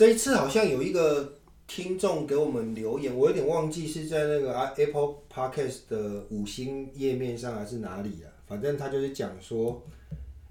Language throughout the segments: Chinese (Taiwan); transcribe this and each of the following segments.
這一次好像有一個聽眾給我們留言，我有點忘記是在那個 Apple Podcast 的五星頁面上還是哪裡啊？反正他就是講說，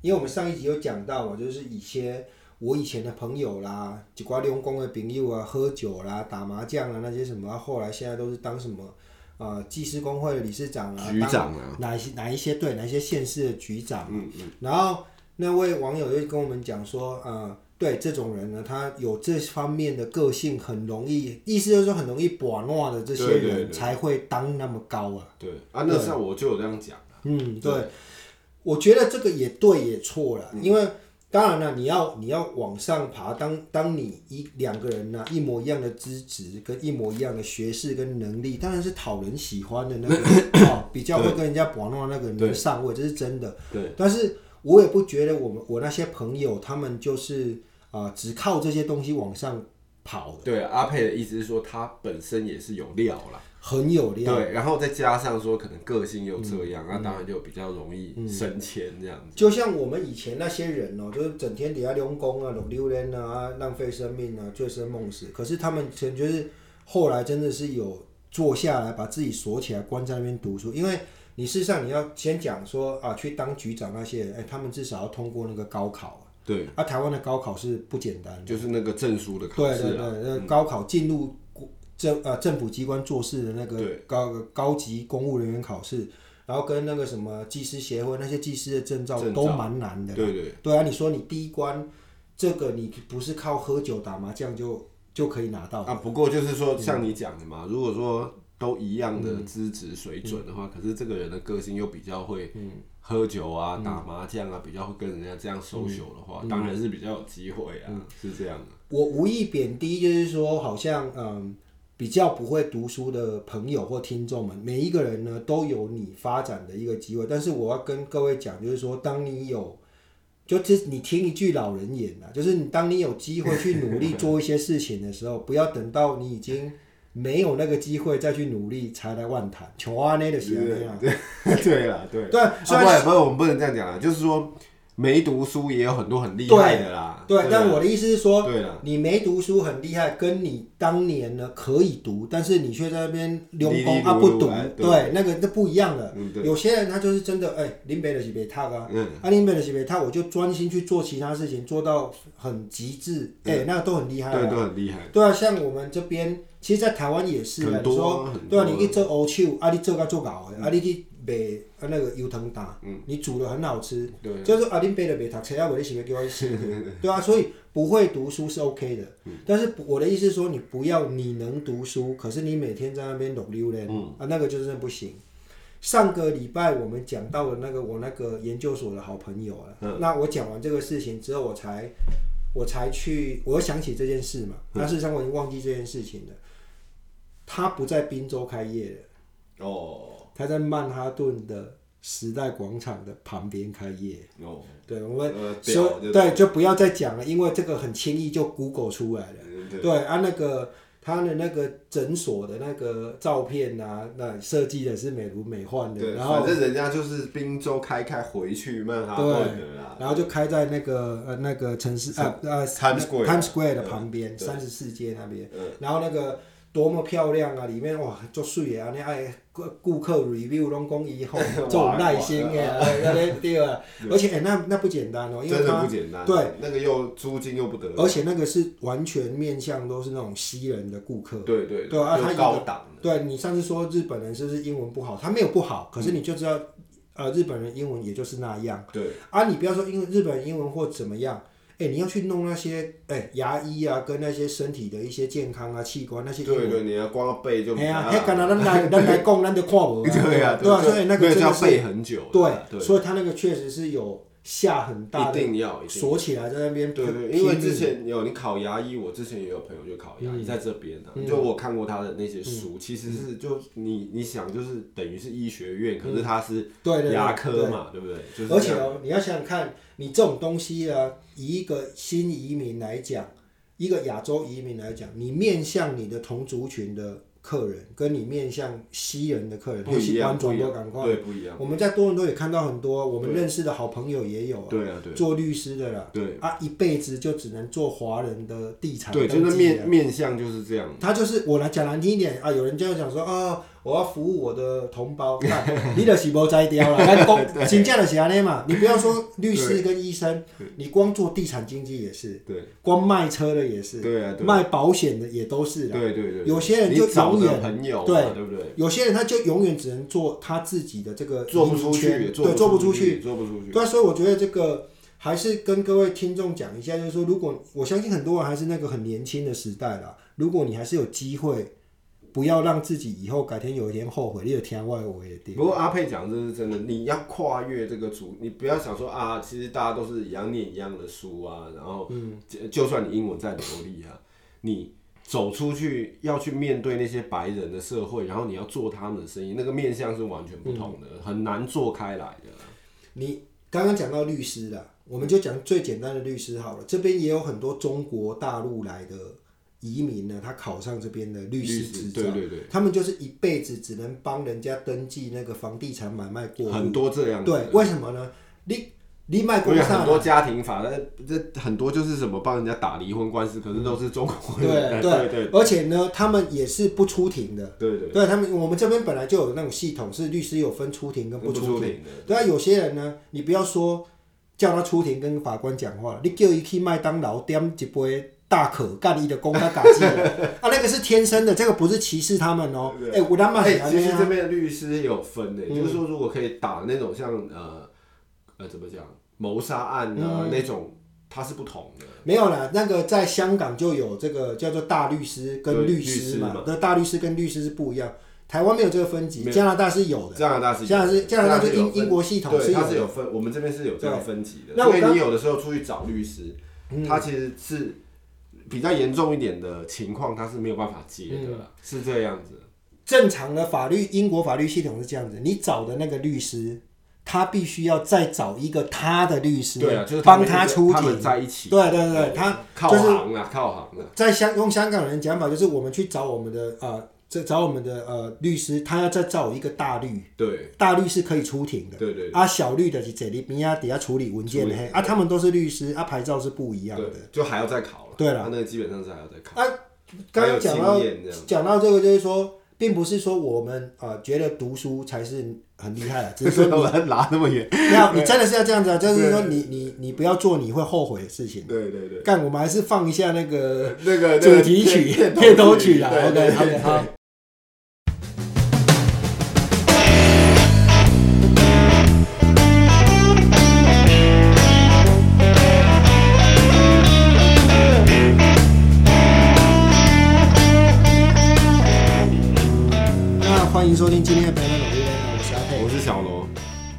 因為我們上一集有講到嘛，就是一些我以前的朋友啦，幾瓜零工的朋友啊，喝酒啦、打麻將啊那些什麼，啊、後來現在都是當什麼啊技師公會的理事長啊、局長啊，哪，哪一些哪一些對，哪一些縣市的局長、啊嗯嗯。然後那位網友就跟我們講說，呃。對這種人呢，他有這方面的個性，很容易，意思就是說很容易玩鬧的這些人才會當那麼高啊。對，對,對,對,對啊，那像我就有這樣講了、啊。嗯對，對，我覺得這個也對也錯了、嗯，因為當然了、啊，你要你要往上爬，當當你一兩個人呢、啊，一模一樣的資質跟一模一樣的學識跟能力，當然是討人喜歡的那個那、哦、 比較會跟人家玩弄那個人上位，這是真的。對，但是我也不覺得我們我那些朋友他們就是。啊、呃，只靠這些東西往上跑。對、嗯，阿佩的意思是說，他本身也是有料啦，很有料。對，然後再加上說，可能個性又這樣，那、嗯啊、當然就比較容易升遷這樣子、嗯。就像我們以前那些人哦、喔，就是整天底下溜工啊、浪流連啊、浪費、啊、生命啊、醉生夢死。可是他們其就是後來真的是有坐下來，把自己鎖起來，關在那邊讀書。因為你事實上你要先講說啊，去當局長那些人，哎、欸，他們至少要通過那個高考、啊。對，啊，台灣的高考是不簡單，就是那個證書的考試啊。對對對那、嗯、高考進入政呃、啊、政府機關做事的那個高高級公務人員考試，然後跟那個什麼技師協會那些技師的證照都蠻難的。對，對對。對啊，你說你第一關這個你不是靠喝酒打麻將就就可以拿到啊？不過就是說像你講的嘛、嗯，如果說都一樣的資質水準的話、嗯嗯，可是這個人的個性又比較會嗯。喝酒啊，打麻將啊、嗯，比較會跟人家這樣 social 的話、嗯，當然是比較有機會啊、嗯，是這樣的。我無意貶低，就是說，好像嗯，比較不會讀書的朋友或聽眾們，每一個人呢都有你發展的一個機會。但是我要跟各位講，就是說，當你有，就這你聽一句老人言啊，就是你當你有機會去努力做一些事情的時候， 不要等到你已經。沒有那個機會再去努力，才來萬談求安內的時間，對對，對啦，對。但對、啊、然，雖然我們不能這樣講、啊、就是說。沒讀書也有很多很厲害的啦，對，對，對、啊，但我的意思是說、啊啊，你沒讀書很厲害，跟你當年呢可以讀，但是你卻在那邊流風他不讀，對，那個那不一樣的、嗯。有些人他就是真的，哎、欸，林北的西北他啊，嗯，啊林北的西北套，我就專心去做其他事情，做到很極致，哎、嗯欸，那個、都很厲害、啊，對，很厲害。對啊，像我們這邊，其實，在台灣也是很、啊，很多，對啊，你一做烏手啊，你做到做老啊，你去。貝啊那個尤騰達，你煮得很好吃，就是，啊就 是對啊，所以不會讀書是 OK 的，嗯、但是我的意思是說你不要，你能讀書，可是你每天在那邊浪流連，啊那個就是不行。上個禮拜我們講到了那個我那個研究所的好朋友啊、嗯，那我講完這個事情之後我，我才我才去我又想起這件事嘛，那事實上我已經忘記這件事情了，他不在賓州開業了，哦。他在曼哈頓的時代廣場的旁邊開業。Oh, 對，我們說對，就不要再講了，因為這個很輕易就 Google 出來了。對，對對啊，那個他的那個診所的那個照片啊，那設計的是美輪美奐的。然後反正人家就是賓州開開回去曼哈頓然後就開在那個呃那個城市呃呃、啊、Times Square Times Square 的旁邊，三十四街那邊。然後那個。多麼漂亮啊！裡面哇，足水的啊！那愛顧顧客 review 攏講以後足有耐心的啊！那 個哇 而且那那不簡單哦，因為他真的不簡單。對。那個又租金又不得了，而且那個是完全面向都是那種西人的顧客。對對，對，對。對啊，高檔他一個。對。你上次說日本人是不是英文不好？他沒有不好，可是你就知道，啊、嗯呃，日本人英文也就是那樣。對。啊，你不要說因為日本英文或怎麼樣。哎、欸，你要去弄那些哎、欸、牙醫啊，跟那些身體的一些健康啊、器官那些。對，對對，你要光要背就沒有。系啊，遐、啊，干、那、若、個、來， 來 啊對啊。對，啊對，啊對，啊對啊，所以那個真是。就要背很久。對對，所以他那個確實是有下很大的。一定要一定要鎖起來在那邊。對，對，對因為之前有你考牙醫，我之前也有朋友就考牙醫在這邊的、啊嗯，就我看過他的那些書、嗯，其實是、嗯、就你你想就是等於是醫學院、嗯，可是他是牙科嘛，嗯嗯就是、對不對，對，對、就是？而且哦、喔，你要想想看，你這種東西啊。一個新移民來講，一個亞洲移民來講，你面向你的同族群的客人，跟你面向西人的客人，你喜歡多倫多，對不一樣。我們在多倫多也看到很多，我們認識的好朋友也有啊，啊做律師的啦，對啊，一輩子就只能做華人的地產。對，就是面面向就是這樣。他就是我來講難聽一點啊，有人這樣講說啊。哦我要服務我的同胞，你就是無在掉了講，真正的是按呢嘛，你不要說律師跟醫生，你光做地產經紀也是，光賣車的也是，啊、賣保險的也都是。對對對，有些人就永遠對，對、對有些人他就永遠只能做他自己的這個做不、做不出去，對，做不出去，做不出去。對，所以我覺得這個還是跟各位聽眾講一下，就是說，如果我相信很多人還是那個很年輕的時代了，如果你還是有機會。不要讓自己以後改天有一天後悔，你有天外圍的。不過阿佩講的是真的，你要跨越這個主，你不要想說啊，其實大家都是一樣念一樣的書啊，然後，就、嗯、就算你英文再流利啊，你走出去要去面對那些白人的社會，然後你要做他們的生意，那個面相是完全不同的，嗯、很難做開來的。你剛剛講到律師啦，我們就講最簡單的律師好了，這邊也有很多中國大陸來的。移民呢，他考上這邊的律師執照師對對對，他們就是一輩子只能幫人家登記那個房地產買賣過戶，很多這樣的，對，為什麼呢？你你賣過很多家庭法的，很多就是什麼幫人家打離婚官司，可是都是中國人，嗯，對對對，而且呢，他們也是不出庭的，嗯、對，對對，對他們我們這邊本來就有那種系統是律師有分出庭跟不出庭，不出庭的，對啊，有些人呢，你不要說叫他出庭跟法官講話，你叫他去麥當勞點一杯。大可幹你的功，他打激 啊！那個是天生的，這個不是歧視他們哦、喔。哎，我他媽很了解這邊的律師有分的、欸，也、嗯、就是說，如果可以打那種像呃呃，怎麼講，謀殺案啊、嗯、那種，他是不同的。沒有啦，那個在香港就有這個叫做大律師跟律師嘛，師嘛，那大律師跟律師是不一樣。台灣沒有這個分級，加拿大是有的。加拿大是，加拿大是加拿大是拿大英大是英國系統是，他是有分。我們這邊是有這樣分級的，所以你有的時候出去找律師，嗯、他其實是。比較嚴重一點的情況，他是沒有辦法接的，嗯，是這樣子。正常的法律，英國法律系統是這樣子，你找的那個律師，他必須要再找一個他的律師，對啊，就是幫他，他出庭，在一起，對對對，嗯、他、就是、靠行啊，靠行啊。在香用香港人講法，就是我們去找我們的啊。呃這找我們的呃律師，他要再找一個大律，對，大律是可以出庭的，對對，對。啊，小律的是這裡底下底下處理文件的，啊，他們都是律師，啊，牌照是不一樣的，就還要再考了，對了，那基本上是還要再考。剛剛講到講到這個，就是說，並不是說我們呃覺得讀書才是很厲害了，只是說你拿 那麼遠，好、啊， 你真的是要這樣子、啊，就是說你對對對對，你你不要做你會後悔的事情，對對對，對。幹，我們還是放一下那個那個主題曲片頭曲啦對對對，OK，好。對對對。今天要天的 band，我是阿沛，我是小羅。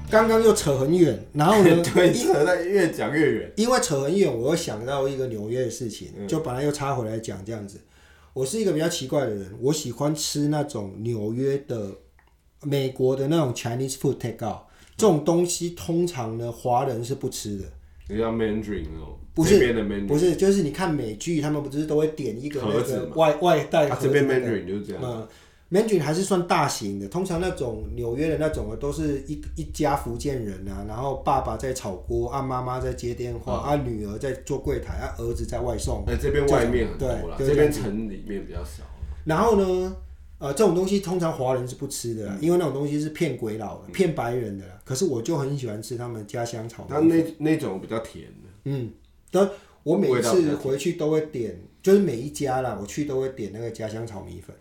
剛剛 又扯很遠，然後我呢，對 扯在越講越遠。 因為扯很遠，我又想到一個紐約的事情，嗯、就把它又插回來講這樣子。我是一個比較奇怪的人，我喜歡吃那種紐約的、美國的那種 Chinese food take out、嗯、這種東西，通常呢，華人是不吃的。你、嗯、Mandarin 不是，不是，就是你看美劇，他們不就是都會點一個、那個、盒子外外帶、那個啊。這邊 Mandarin、那個、就是這樣。MENU 還是算大型的，通常那種紐約的那種啊，都是一一家福建人啊，然後爸爸在炒鍋，啊媽媽在接電話，哦、啊女兒在做櫃台，啊兒子在外送。在、欸、這邊外面就對，這邊城裡面比較少、啊。然後呢，呃，這種東西通常華人是不吃的、嗯，因為那種東西是騙鬼佬的，騙白人的。可是我就很喜歡吃他們家鄉炒。但那那那種比較甜的，嗯，但我每次回去都會點。就是每一家啦，我去都會點那個家鄉炒米粉。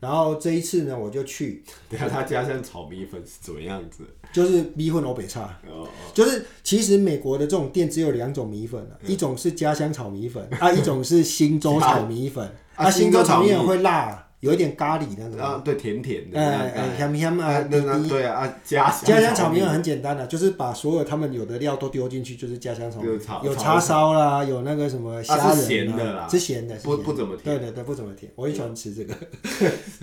然後這一次呢，我就去。等下他家鄉炒米粉是怎麼樣子？就是米粉歐北差、哦哦。就是其實美國的這種店只有兩種米粉啊，嗯、一種是家鄉炒米粉、嗯、啊，一種是星洲炒米粉啊。星洲炒米粉會辣、啊。有一點咖喱的那種，對，甜甜的，哎、嗯、哎、嗯嗯，香香啊，辣辣辣辣，對啊，加，草加香草米粉很簡單的、啊，就是把所有他們有的料都丟進去，就是加香草，有叉燒啦，有那個什麼蝦仁、啊，是鹹的啦，是鹹的，的，不不怎麼甜，對對對，不怎麼甜，我也喜歡吃這個，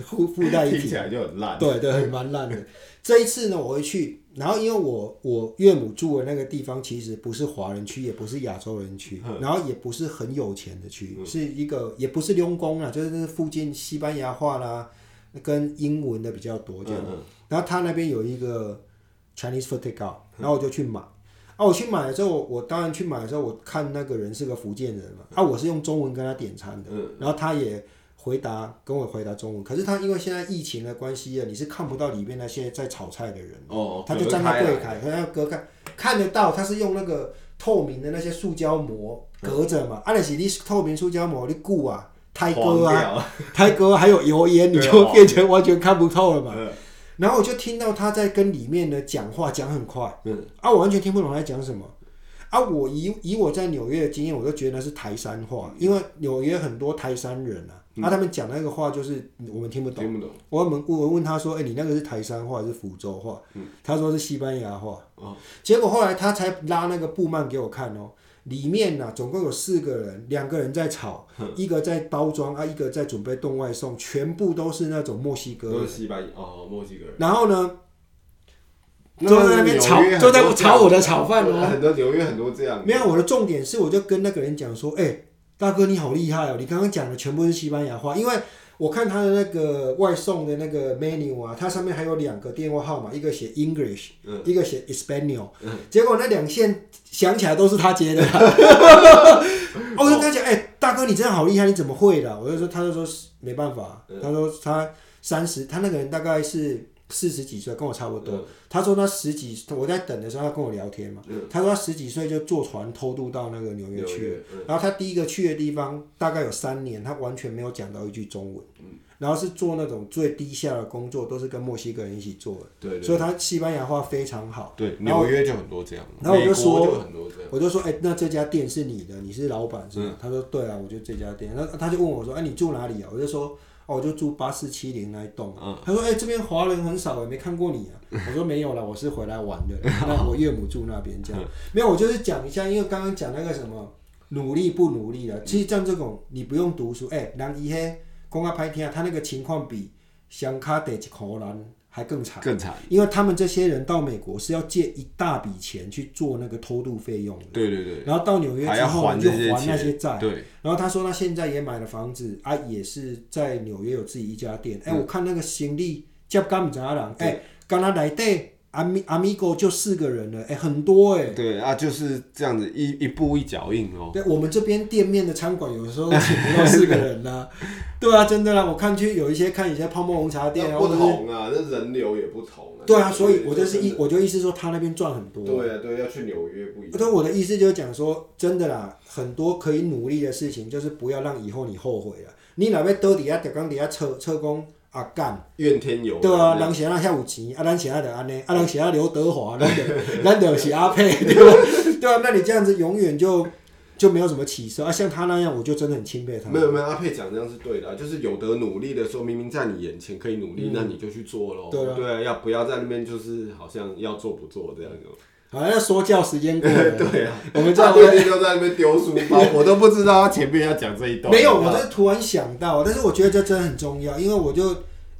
附附帶一瓶，聽起來就很爛，對對，對，蠻爛的。 這一次呢，我會去。然後因為我我岳母住的那個地方其實不是華人區，也不是亞洲人區，嗯、然後也不是很有錢的區，嗯、是一個也不是溜工啊，就是那附近西班牙話啦跟英文的比較多這樣、嗯嗯。然後他那邊有一個 Chinese food takeout，、嗯、然後我就去買。啊，我去買了之後，我當然去買的時候，我看那個人是個福建人嘛，啊，我是用中文跟他點餐的，嗯、然後他也回答跟我回答中文，可是他因為現在疫情的關係啊，你是看不到裡面那些在炒菜的人，哦、他就站在櫃檯，他要隔開，看得到他是用那個透明的那些塑膠膜隔着嘛，按、嗯、起、啊、你透明塑膠膜的固啊，胎哥啊，胎、啊、 哥、啊、還有油煙，你就變成完全看不透了嘛。哦、然後我就聽到他在跟裡面的講話，講很快、嗯，啊，我完全聽不懂他在講什麼，啊，我以以我在紐約的經驗，我就覺得那是台山話，因為紐約很多台山人啊。嗯、啊，他們講那個話就是我們聽不懂，聽不懂我問，問他說、欸：“你那個是台山話還是福州話、嗯？”他說是西班牙話。哦，結果後來他才拉那個布幔給我看哦，裡面呢、啊、總共有四個人，兩個人在炒，嗯、一個在包裝啊，一個在準備動外送，全部都是那種墨西哥，西班哦墨西哥人。然後呢，坐在那邊炒，坐在炒我的炒飯哦、啊，很多紐約很多這樣。沒有，我的重點是，我就跟那個人講說：“哎、欸。”大哥你好厲害哦、喔！你剛剛講的全部是西班牙話，因為我看他的那個外送的那個 menu 啊，它上面還有兩個電話號碼，一個寫 English，、嗯、一個寫 Español、嗯、結果那兩線想起來都是他接的。嗯 哦、我就跟他講，哎、欸，大哥你真的好厲害，你怎麼會的？我就說，他就說沒辦法，嗯、他說他三十，他那個人大概是。四十幾歲，跟我差不多、嗯。他說他十幾，我在等的時候，他跟我聊天嘛。嗯、他說他十幾歲就坐船偷渡到那個紐約去了、嗯。然後他第一個去的地方，大概有三年，他完全沒有講到一句中文、嗯。然後是做那種最低下的工作，都是跟墨西哥人一起做的。對對對，所以他西班牙話非常好。對，紐約就很多這樣。然後我就說，就我就說，哎、欸，那這家店是你的，你是老闆是嗎、嗯？他說對啊，我就這家店。那他就問我說，哎、欸，你住哪裡啊？我就說。我就住八四七零那一棟、嗯、他說，哎、欸，這邊華人很少，沒看過你啊。我說沒有了，我是回來玩的。 那我岳母住那邊，這樣。沒有，我就是講一下，因為剛剛講那個什麼努力不努力的，其實像這種你不用讀書，哎、欸，然一伊嘿公開拍片啊，他那個情況比想卡地一可能，還更慘，更慘，因為他們這些人到美國是要借一大筆錢去做那個偷渡費用的，對對對，然後到紐約之後就還，還，還那些債，然後他說他現在也買了房子，啊，也是在紐約有自己一家店。哎、欸，我看那個行李叫甘姆扎朗，哎，甘拉達阿米阿米 go 就四個人了，哎、欸，很多哎、欸。對啊，就是這樣子一一步一腳印哦。對我們這邊店面的餐館，有時候請不到四個人吶、啊。 對啊，真的啦，我看去有一些看一些泡沫紅茶店啊。嗯嗯、或者不同啊，那人流也不同、啊。對啊，對所以我就是意，我就意思說他那邊賺很多、啊。對啊，對，要去紐約不一樣。那我的意思就是講說，真的啦，很多可以努力的事情，就是不要讓以後你後悔了。你要哪要都底下着講底下錯錯阿、啊、幹、怨天尤、啊、對啊，人是按怎有錢啊，咱是按怎就按呢，人是按怎劉德華，咱就是 阿佩對吧？ 對吧？對啊，那你這樣子永遠就就沒有什麼起色啊！像他那樣，我就真的很欽佩他。沒有沒有，阿佩講這樣是對的、啊，就是有得努力的時候，明明在你眼前可以努力，嗯、那你就去做嘍、啊。對啊，要不要在那邊就是好像要做不做這樣子。好、啊、像說教時間過了， 對啊，我們這邊都在那邊丟書包， 我都不知道他前面要講這一段。 沒有，我就是突然想到，但是我覺得這真的很重要，因為我就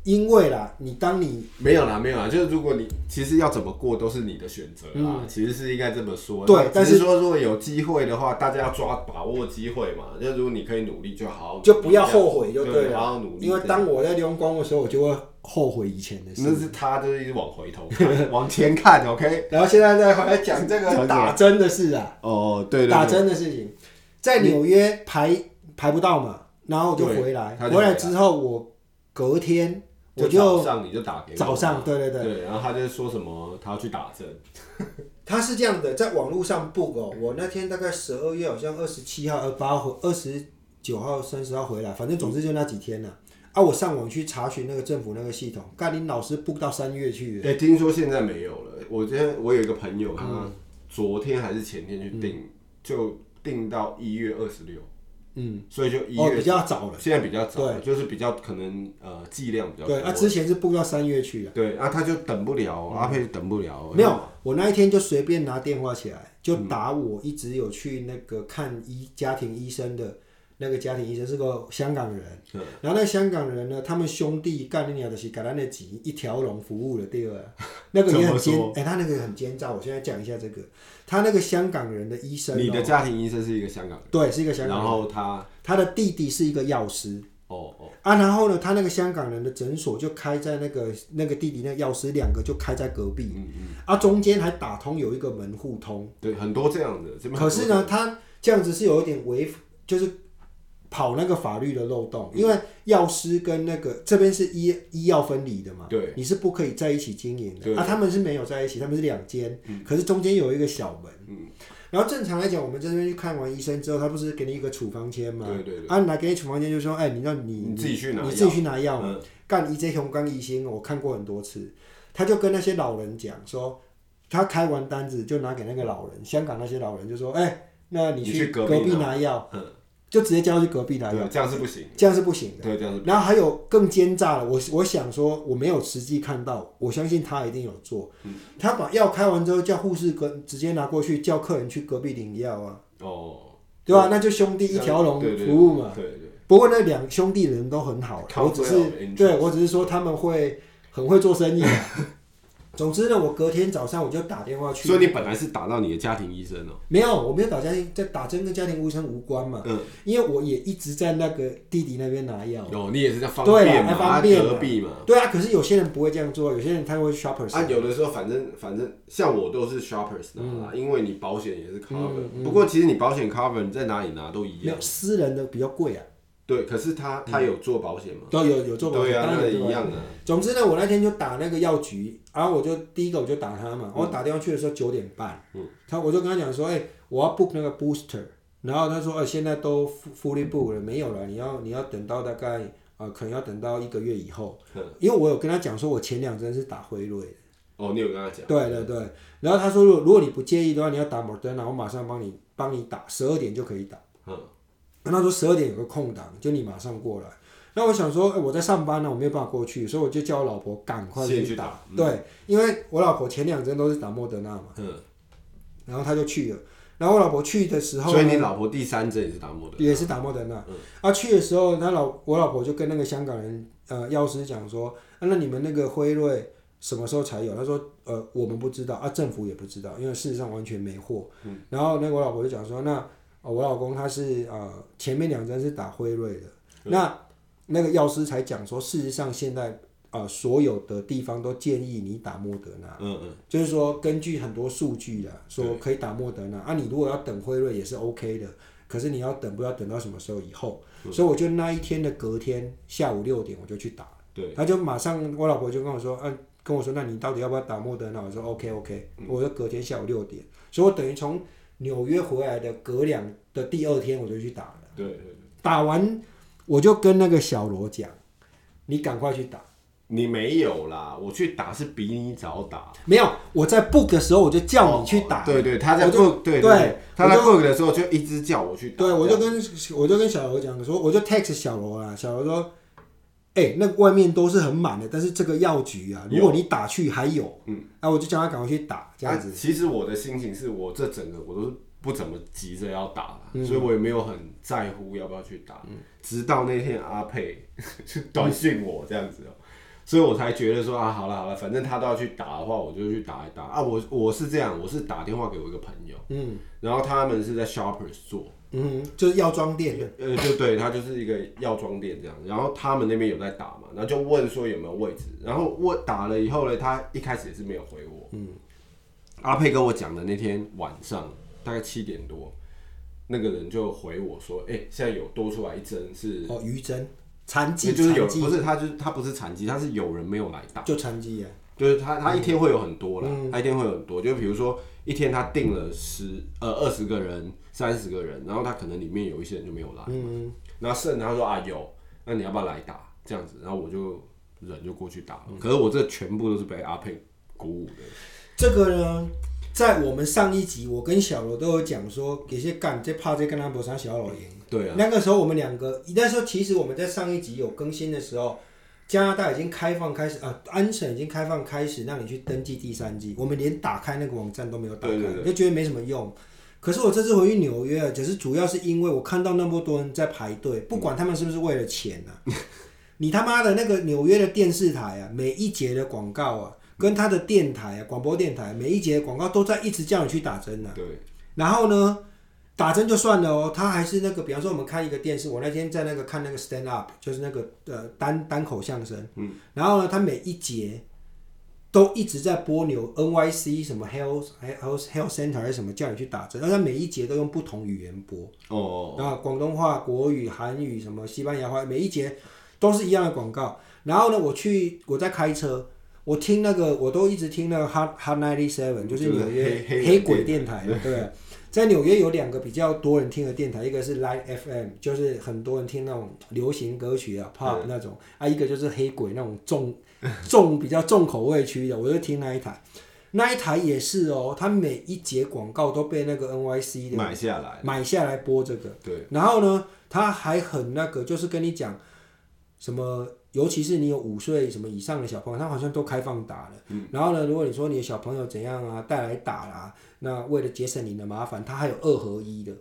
因為啦，你當你沒有啦，沒有啦，就是如果你其實要怎麼過都是你的選擇啦、嗯，其實是應該這麼說的。對，但是說如果有機會的話，大家要抓把握機會嘛，就如果你可以努力，就好好就不要後悔，就對了，對好，好好努力。因為當我在丟光的時候，我就會。後悔以前的事，那是他就是一直往回頭， 往前看，OK。然後現在再回來講這個打針的事啊， 哦，對，對，對打針的事情，在紐約排排不到嘛，然後我就，回就回來，回來之後我隔天我就，就早上你就打給我，早上對對對，對，然後他就說什麼他要去打針， 他是這樣的，在網絡上 book 哦，我那天大概十二月好像二十七號、二十八號、二十九號、三十號回來，反正總之就那幾天了、啊啊，我上網去查詢那個政府那個系統，蓋林老師布到三月去的。聽說現在沒有了。我今天我有一個朋友、嗯，他昨天還是前天去訂、嗯，就訂到一月二十六。嗯，所以就一月、哦、比較早了。現在比較早了，對，就是比較可能呃劑量比較多。對啊，之前是布到三月去的。對啊，他就等不了、喔嗯，阿沛就等不了、喔嗯。沒有，我那一天就隨便拿電話起來就打，我一直有去那個看醫家庭醫生的。那個家庭醫生是個香港人，然後那個香港人呢，他們兄弟幹那倆的是給他們幾一條龍服務的，對吧？那個很奸，哎、欸，他那個很奸詐。我現在講一下這個，他那個香港人的醫生，你的家庭醫生是一個香港人，喔、對，是一個香港人。然後他他的弟弟是一個藥師，哦哦，啊，然後呢，他那個香港人的診所就開在那個那個弟弟那藥師兩個就開在隔壁，嗯嗯，啊，中間還打通有一個門戶通，對，很多這,這多這樣的。可是呢，他這樣子是有一點違，就是。跑那個法律的漏洞，因為藥師跟那個這邊是醫醫藥分離的嘛，對，你是不可以在一起經營的。啊，他們是沒有在一起，他們是兩間，嗯、可是中間有一個小門、嗯。然後正常來講，我們這邊去看完醫生之後，他不是給你一個處方簽嘛？對對對。啊，拿給你處方簽就說，哎，你讓你你自己去拿，你自己去拿藥。拿藥嗯、幹，他這香港醫生，我看過很多次，他就跟那些老人講說，他開完單子就拿給那個老人。香港那些老人就說，哎，那你去隔壁拿藥。就直接交去隔壁來了。這樣是不行，這樣是不行，這樣是不行的。然後還有更奸詐的，我我想說，我沒有實際看到，我相信他一定有做。嗯，他把藥開完之後，叫護士跟直接拿過去，叫客人去隔壁領藥啊。哦，對吧？對，那就兄弟一條龍服務嘛。對對，對，對，對對。不過那兩兄弟人都很好，欸好，我只是我對，我只是說他們會很會做生意。 總之呢，我隔天早上我就打電話去了。所以你本來是打到你的家庭醫生哦、喔。沒有，我沒有打家庭，在打針跟家庭醫生無關嘛。嗯。因為我也一直在那個弟弟那邊拿藥。有、嗯哦，你也是在方便嘛？方便嘛？對啊對。可是有些人不會這樣做，有些人他會 shoppers。啊，有的時候反正反正像我都是 shoppers 拿，嗯啊、因為你保險也是 cover。嗯嗯。不過其實你保險 cover，你在哪裡拿都一樣。嗯嗯沒有，私人的比較貴啊。對，可是他、嗯、他有做保險嗎？都有有做保險，當然、啊、一樣了、啊。總之呢，我那天就打那個藥局，然後我就第一個我就打他嘛。嗯、我打電話去的時候九點半，嗯他，他我就跟他講說，哎、欸，我要 book 那個 booster，然後他說，哎、欸，現在都 fully book 了，沒有了，你要你要等到大概啊、呃，可能要等到一個月以後。嗯，因為我有跟他講說，我前兩針是打輝瑞的。哦，你有跟他講？對對對，然後他說，如如果你不介意的話，你要打 Moderna，我馬上幫你幫你打，十二點就可以打。嗯。他說十二點有個空檔，就你馬上過來。那我想說，哎，我在上班呢，我沒有辦法過去，所以我就叫我老婆趕快去打。去打嗯、對，因為我老婆前兩針都是打莫德納嘛。嗯、然後他就去了。然後我老婆去的時候，所以你老婆第三針也是打莫德納，也是打莫德納、嗯。啊，去的時候，她老我老婆就跟那個香港人呃藥師講說、啊，那你們那個輝瑞什麼時候才有？他說，呃，我們不知道，啊，政府也不知道，因為事實上完全沒貨。嗯、然後那個我老婆就講說，那。我老公他是呃，前面兩針是打輝瑞的、嗯，那那個藥師才講說，事實上現在啊、呃，所有的地方都建議你打莫德納，嗯嗯，就是說根據很多數據啊，說可以打莫德納，啊，你如果要等輝瑞也是 OK 的，可是你要等，不要等到什麼時候以後、嗯，所以我就那一天的隔天下午六點我就去打，對，他就馬上我老婆就跟我說，啊，跟我說，那你到底要不要打莫德納？我說 OK OK，我就隔天下午六點，所以我等於從紐約回來的隔兩的第二天我就去打了，對，對，打完我就跟那個小羅講，你趕快去打，你沒有啦，我去打是比你早打，沒有，我在 book 的時候我就叫你去打，哦，對對，他在 book 我就對對，對，我就對，對我就，他在 book 的時候就一直叫我去打，對，我就跟我就跟小羅講說，我就 text 小羅啦，小羅說。哎、欸，那個、外面都是很滿的，但是這個藥局啊，如果你打去還有，有嗯，啊，我就叫他趕快去打，這樣子、欸。其實我的心情是我這整個我都不怎麼急着要打、啊嗯，所以我也沒有很在乎要不要去打，嗯、直到那天阿沛 短信我這樣子、喔嗯，所以我才覺得說啊，好了好了，反正他都要去打的話，我就去打一打啊。我我是這樣，我是打電話給我一個朋友，嗯，然後他們是在 Shoppers 做。嗯，就是藥妝店。呃，就對他就是一個藥妝店這樣，然後他們那邊有在打嘛，然後就問說有沒有位置，然後我打了以後呢，他一開始也是沒有回我。嗯，阿沛跟我講的那天晚上大概七點多，那個人就回我說：“哎、欸，現在有多出來一針是哦，餘針殘劑，就是有，不是他就是他不是殘劑，他是有人沒有來打就殘劑耶，就是他他一天會有很多了、嗯，他一天會有很多，就比如說。”一天他定了十呃、二十個人、三十個人，然後他可能裡面有一些人就沒有來，嗯，嗯，那剩人他說啊有，那你要不要來打這樣子，然後我就忍就過去打了，嗯、可是我這個全部都是被阿佩鼓舞的。這個呢，在我們上一集我跟小羅都有講說，給些幹這怕這跟他博殺小老鷹，對啊，那個時候我們兩個，那時候其實我們在上一集有更新的時候。加拿大已經開放開始，啊、呃，安省已經開放開始，讓你去登記第三劑。我們連打開那個網站都沒有打開，對對對，就覺得沒什麼用。可是我這次回去紐約啊，只是主要是因為我看到那麼多人在排隊，不管他們是不是為了錢啊。嗯、你他媽的那個紐約的電視台啊，每一節的廣告啊，跟他的電台啊，廣播電台每一節的廣告都在一直叫你去打針啊。對，然後呢，打針就算了哦，他還是那個，比方說我們看一個電視，我那天在那個看那個 stand up，就是那個呃單單，單口相聲，嗯，然後呢，他每一節都一直在播，牛 N Y C 什麼 health health health center 還是什麼叫你去打針，但是他每一節都用不同語言播，哦，然後廣東話、國語、韓語、什麼西班牙話，每一節都是一樣的廣告。然後呢，我去我在開車，我聽那個我都一直聽那個 Hot Hot ninety seven，就是紐約黑鬼電台，對。對對對在紐約有兩個比較多人聽的電台，一個是 Lite FM，就是很多人聽那種流行歌曲啊、Pop 那種、嗯、啊；一個就是黑鬼那種重重比較重口味區的，我就聽那一台。那一台也是哦，他每一節廣告都被那個 NYC 的買下來，買下來播這個。對，然後呢，他還很那個，就是跟你講什麼。尤其是你有五歲什麼以上的小朋友，他好像都開放打了。嗯、然後呢，如果你說你的小朋友怎樣啊，帶來打啦、啊，那為了節省你的麻煩，他還有二合一的，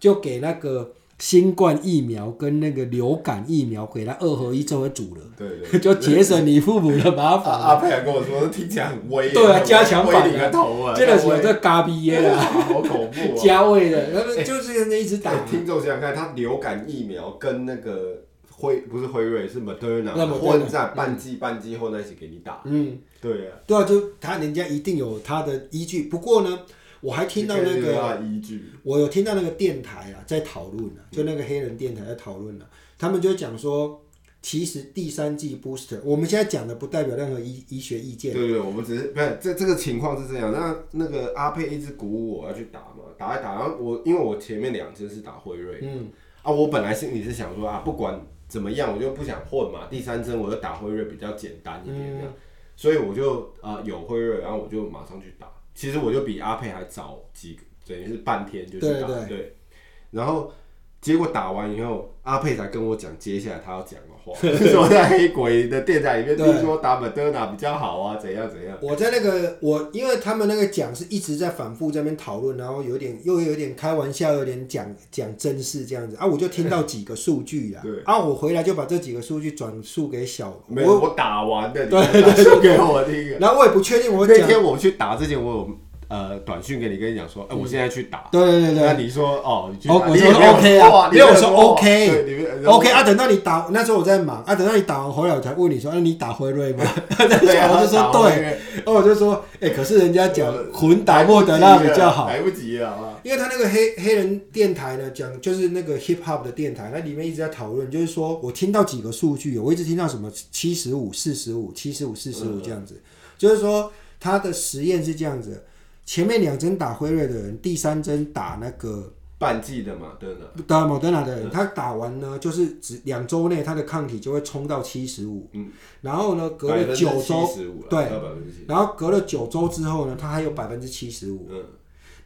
就給那個新冠疫苗跟那個流感疫苗給他二合一作為組了。對對,對。 就節省你父母的麻煩、 啊。阿佩跟我說聽起來很威。對啊，加強版威你的頭啊！真的是這嘎比耶啊！ 好恐怖、啊。加味的，就是人家一直打、欸欸？聽眾想想看，他流感疫苗跟那個。輝不是輝瑞，是 Moderna 混在半劑、半劑混在一起給你打。嗯，對啊。對啊，就他人家一定有他的依據。不過呢，我還聽到那個依據，我有聽到那個電台啊在討論啊，就那個黑人電台在討論了。他們就講說，其實第三劑 booster 我們現在講的不代表任何醫醫學意見、啊。對對，對，我們只是不是這這個情況是這樣。那那個阿佩一直鼓舞我要去打嘛，打一打。然後我因為我前面兩針是打輝瑞，嗯啊，啊，我本來心裡是想說啊，不管。怎麼樣？我就不想混嘛，第三針我就打輝瑞比較簡單一點這樣，嗯，所以我就呃有輝瑞，然後我就馬上去打。其實我就比阿沛還早幾個，等於，就是半天就去打。對，對，對，對，然後結果打完以後，阿沛才跟我講，接下來他要講。聽、哦就是，說在黑鬼的電台裡面，聽、就是，說打 Moderna 比較好啊，怎樣怎樣？我在那個我，因為他們那個講是一直在反覆這邊討論，然後有點又有點開玩笑，有點講講真事這樣子啊，我就聽到幾個數據啊，啊，我回來就把這幾個數據轉述給小我沒有，我打完的，你打對，對對，給我聽、啊。然後我也不確定我，我那天我去打之前，我有。呃，短信給你，跟你講說，哎、欸，我現在去打。對對對對、啊。那你說，哦，我就我說 OK 啊，啊。因為我說 OK，OK，OK, 啊。等，okay, 到，okay, 你打那時候我在忙 okay, 啊。等到你打完回來，我才問你說，那、啊、你打輝瑞嗎？ 我就說對。哦、啊、我就說，哎、欸，可是人家講混打莫德納比較好。來不及了，不及了因為他那個黑黑人電台呢，講就是那個 hip hop 的電台，那裡面一直在討論，就是說我聽到幾個數據，我一直聽到什麼七十五、四十五、七十五、四十五這樣子，嗯、就是說他的實驗是這樣子。前面兩針打輝瑞的人，第三針打那個半劑的嘛，對的，打莫德納的人，嗯，他打完呢，就是只兩周內他的抗體就會衝到七十五，嗯，然後呢，隔了九周，啊、對，然後隔了九周之後呢，他還有百分之七十五，嗯，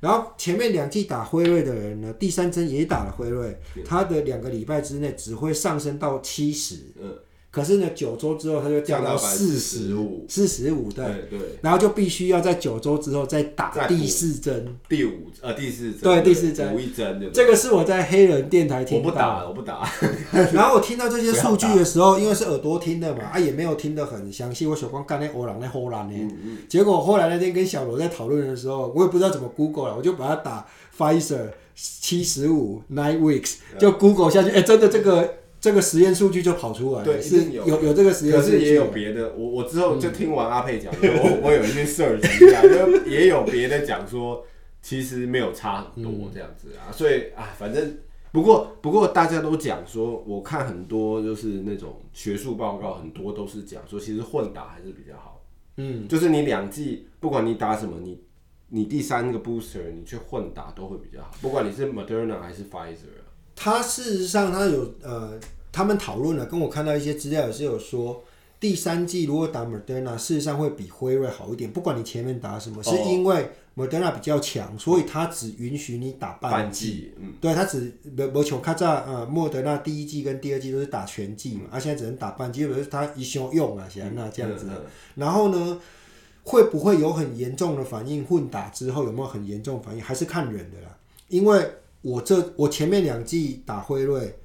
然後前面兩劑打輝瑞的人呢，第三針也打了輝瑞，嗯，他的兩個禮拜之內只會上升到七十，嗯。可是呢，九周之後，它就降到四十五，四十五對對。然後就必須要在九周之後再打第四針、第五呃、啊、第四針對第四針，五一這個是我在黑人電台聽的，我不打了，我不打了。 然後我聽到這些數據的時候，因為是耳朵聽的嘛，啊也沒有聽得很詳細，我只光看那歐朗那歐朗呢。結果後來那天跟小羅在討論的時候，我也不知道怎麼 Google 了，我就把它打 Pfizer 七十五 nine weeks，就 Google 下去。哎、欸，真的這個。嗯這個實驗數據就跑出來了，對，是有有，有這個實驗數據，可是也有別的。我我之後就聽完阿沛講，嗯、有我我有一些 search 也有別的講說，其實沒有差很多、嗯、這樣子啊。所以啊，反正不過不過大家都講說，我看很多就是那種學術報告，很多都是講說、嗯，其實混打還是比較好。嗯，就是你兩劑，不管你打什麼，你你第三個 booster 你去混打都會比較好，不管你是 Moderna 還是 Pfizer。他事實上，他有呃，他們討論了，跟我看到一些資料也是有說，第三劑如果打莫德納，事實上會比輝瑞好一點。不管你前面打什麼，oh. 是因為莫德納比較強，所以他只允許你打半劑。半劑嗯、對，他只不不求卡扎呃莫德納第一劑跟第二劑都是打全劑嘛，而、嗯啊、現在只能打半劑，表、就是他一休用啊，顯然那這樣子、嗯嗯嗯。然後呢，會不會有很嚴重的反應？混打之後有沒有很嚴重反應？還是看人的啦，因為。我這我前面兩季打輝瑞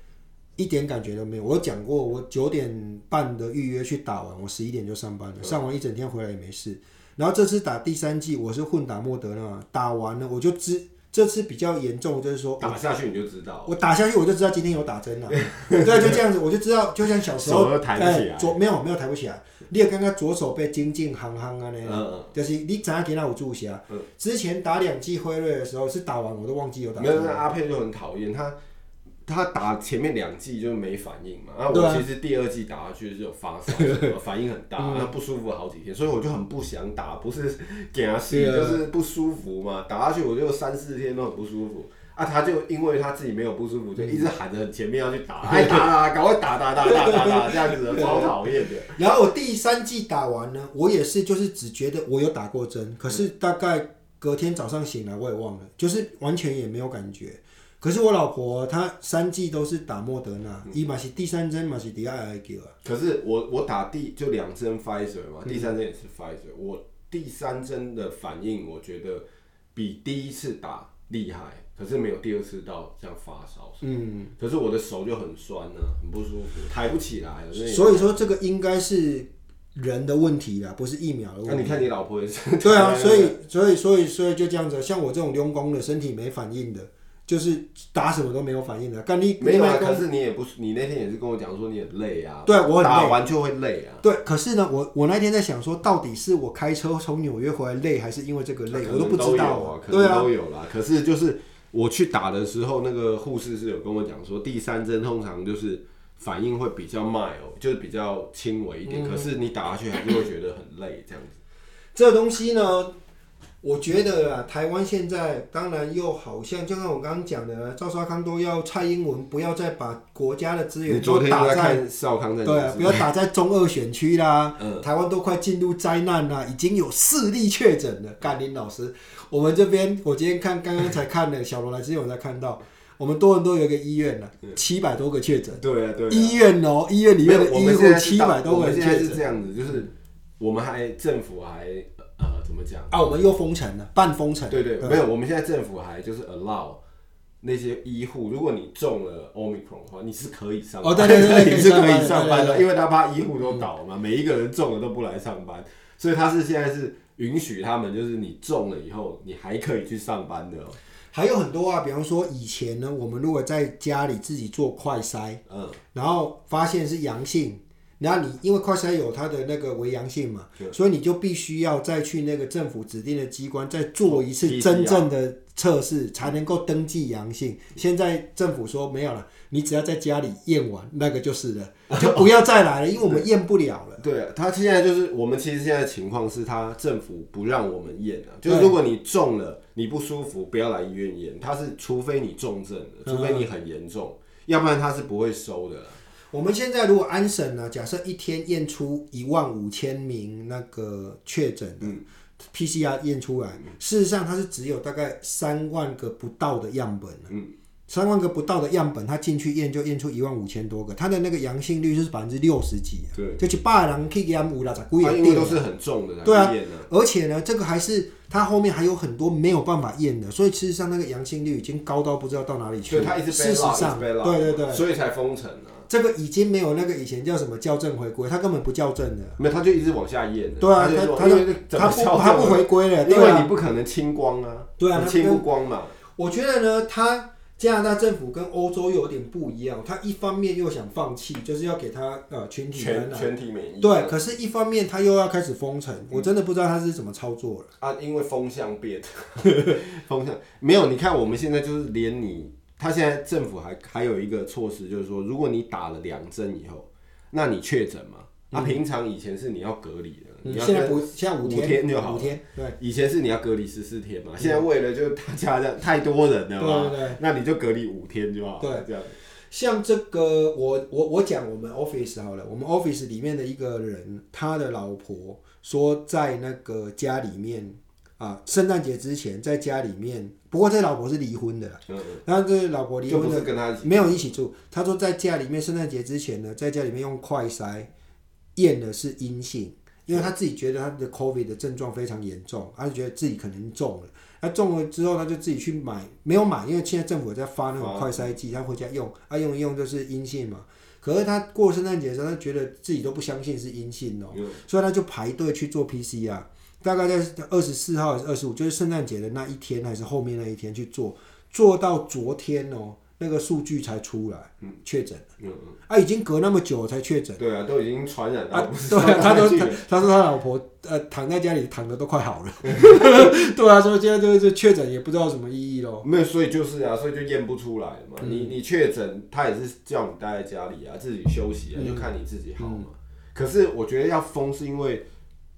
一點感覺都沒有，我講過我九點半的預約去打完，我十一點就上班了，上完一整天回來也沒事。然後這次打第三季，我是混打莫德納，打完了我就知。這次比較嚴重，就是說打,打下去你就知道，我打下去我就知道今天有打針了。 對，就這樣子，我就知道，就像小時候，手抬不起來，呃、左沒有沒有抬不起來。你有感覺左手臂緊緊夯夯啊，你、嗯嗯，就是你知道今天有注射？嗯，之前打兩劑輝瑞的時候是打完我都忘記有打。沒有，就是、阿佩就很討厭、嗯、他。他打前面兩劑就是沒反應嘛，然後、啊啊、我其實第二劑打下去就發燒， 反應很大，啊嗯，那不舒服好幾天，所以我就很不想打，不是怕死，啊，就是不舒服嘛。打下去我就三四天都很不舒服啊，他就因為他自己沒有不舒服，就一直喊着前面要去打，哎、欸、打啊，趕快打打打打打，打，打， 這樣子超的，好討厭的。然後我第三劑打完呢，我也是就是只覺得我有打過針，可是大概隔天早上醒來我也忘了，就是完全也沒有感覺。可是我老婆她三劑都是打莫德納，一、嗯、是第三針嘛，是 D I I Q 啊。可是我我打第就兩針 Pfizer 嘛，第三針也是 Pfizer、嗯。我第三針的反應，我覺得比第一次打厲害，可是沒有第二次到這樣發燒。嗯。可是我的手就很酸呢、啊，很不舒服，抬不起來。所以說，這個應該是人的問題啦，不是疫苗的問題。那、啊、你看你老婆也是對啊，對啊，所以、啊、所以所以所以，所以就這樣子，像我這種用功的身體沒反應的。就是打什麼都沒有反應的，但你沒有啊？可是你也不是，你那天也是跟我講說你很累啊。對，我打完就會累啊。對，可是呢，我我那天在想說，到底是我開車從紐約回來累，還是因為這個累？啊、我都不知道啊。可能啊，可能啊可能都有啦，可是就是我去打的時候，那個護士是有跟我講說，第三針通常就是反應會比較慢哦、喔嗯，就是比較輕微一點。可是你打下去還是會覺得很累這、嗯， 這樣子。這東西呢？我覺得啊，台灣現在當然又好像就像我剛剛講的、啊，趙少康都要蔡英文不要再把國家的資源都打在，都在少康的對、啊，不要打在中二選區啦。 嗯，台灣都快進入災難啦，已經有四例確診了。甘霖老師，我們這邊我今天看剛剛才看了、欸、小羅來之前我才看到，我們多倫多有一個醫院了、啊，七、嗯、百多個確診。對啊，對，啊對啊醫院哦、喔，醫院裡面的醫護七百多個確診是這樣子，就是我們還政府還。怎麼講啊？我們又封城了，半封城。對對，對、嗯，沒有，我們現在政府還就是 allow 那些醫護，如果你中了 Omicron 的話你是可以上，的。你是可以上班的，對對對，因為他怕醫護都倒了嘛。嗯嗯，每一個人中了都不來上班，所以他是現在是允許他們，就是你中了以後，你還可以去上班的、哦。還有很多啊，比方說以前呢，我們如果在家裡自己做快篩，嗯，然後發現是陽性。然後你因為快篩有它的那個偽陽性嘛，所以你就必須要再去那個政府指定的機關再做一次真正的測試，才能夠登記陽性。現在政府說沒有了，你只要在家裡驗完那個就是了，就不要再來了，哦、因為我們驗不了了。對、啊，他現在就是我們其實現在的情況是他政府不讓我們驗了、啊，就是如果你中了你不舒服，不要來醫院驗，他是除非你重症的，除非你很嚴重、嗯，要不然他是不會收的。我們現在如果安省呢，假設一天驗出一萬五千名那個確診的 PCR 驗出來，嗯，事實上它是只有大概三萬個不到的樣本，嗯三萬個不到的樣本，他進去驗就驗出一萬五千多個，他的那個陽性率就是百分之六十幾、啊。對，就去巴狼蘭 KGM 五了，才故意。他因為都是很重的，的。對啊，而且呢，這個還是他後面還有很多沒有辦法驗的、嗯，所以事實上那個陽性率已經高到不知道到哪裡去了。他一直被事實上被被，對對對，所以才封城了、啊、這個已經沒有那個以前叫什麼校正回歸，他根本不校正的，沒有，他就一直往下驗的。對啊，他他就教教他不他不回歸了、啊，因為你不可能清光啊，對啊，對啊，對啊，他清不光嘛。我覺得呢，他。加拿大政府跟歐洲又有點不一樣，他一方面又想放棄，就是要給他呃群體全、全體免疫對，可是一方面他又要開始封城，嗯、我真的不知道他是怎麼操作了啊！因為風向變， 風向沒有。你看我們現在就是連你，他現在政府還還有一個措施，就是說，如果你打了兩針以後，那你確診嗎？啊，平常以前是你要隔離的，你、嗯、現在不現在五天，五天就好，五天。對，以前是你要隔離十四天嘛、嗯，現在為了就是大家這樣太多人了嘛，對，對，對那你就隔離五天就好。對，這樣。像這個，我我我講我們 office 好了，我們 office 裡面的一個人，他的老婆說在那個家裡面啊，聖誕節之前在家裡面，不過這老婆是離婚的，嗯嗯，然後這老婆離婚的，跟他沒有一起住。他說在家裡面聖誕節之前呢，在家裡面用快篩，驗的是陰性，因為他自己覺得他的 COVID 的症狀非常嚴重，他就覺得自己可能中了。他、啊、中了之後，他就自己去買，沒有買，因為現在政府在發那種快篩劑，他回家用。他、啊、用一用就是陰性嘛。可是他過聖誕節的時候，他覺得自己都不相信是陰性哦、喔，所以他就排隊去做 PCR，大概在二十四號還是二十五，就是聖誕節的那一天還是後面那一天去做，做到昨天哦、喔。那個數據才出來，嗯，確診嗯嗯，啊，已經隔那麼久才確診。對啊，都已經傳染了，啊，對啊，他都他他說他老婆呃躺在家裡躺的都快好了，嗯、 對啊，所以現在就是確診也不知道有什麼意義嘍，沒有，所以就是啊，所以就驗不出來嘛，嗯、你你確診，他也是叫你待在家裡啊，自己休息啊，嗯、就看你自己好嘛。嗯、可是我覺得要封是因為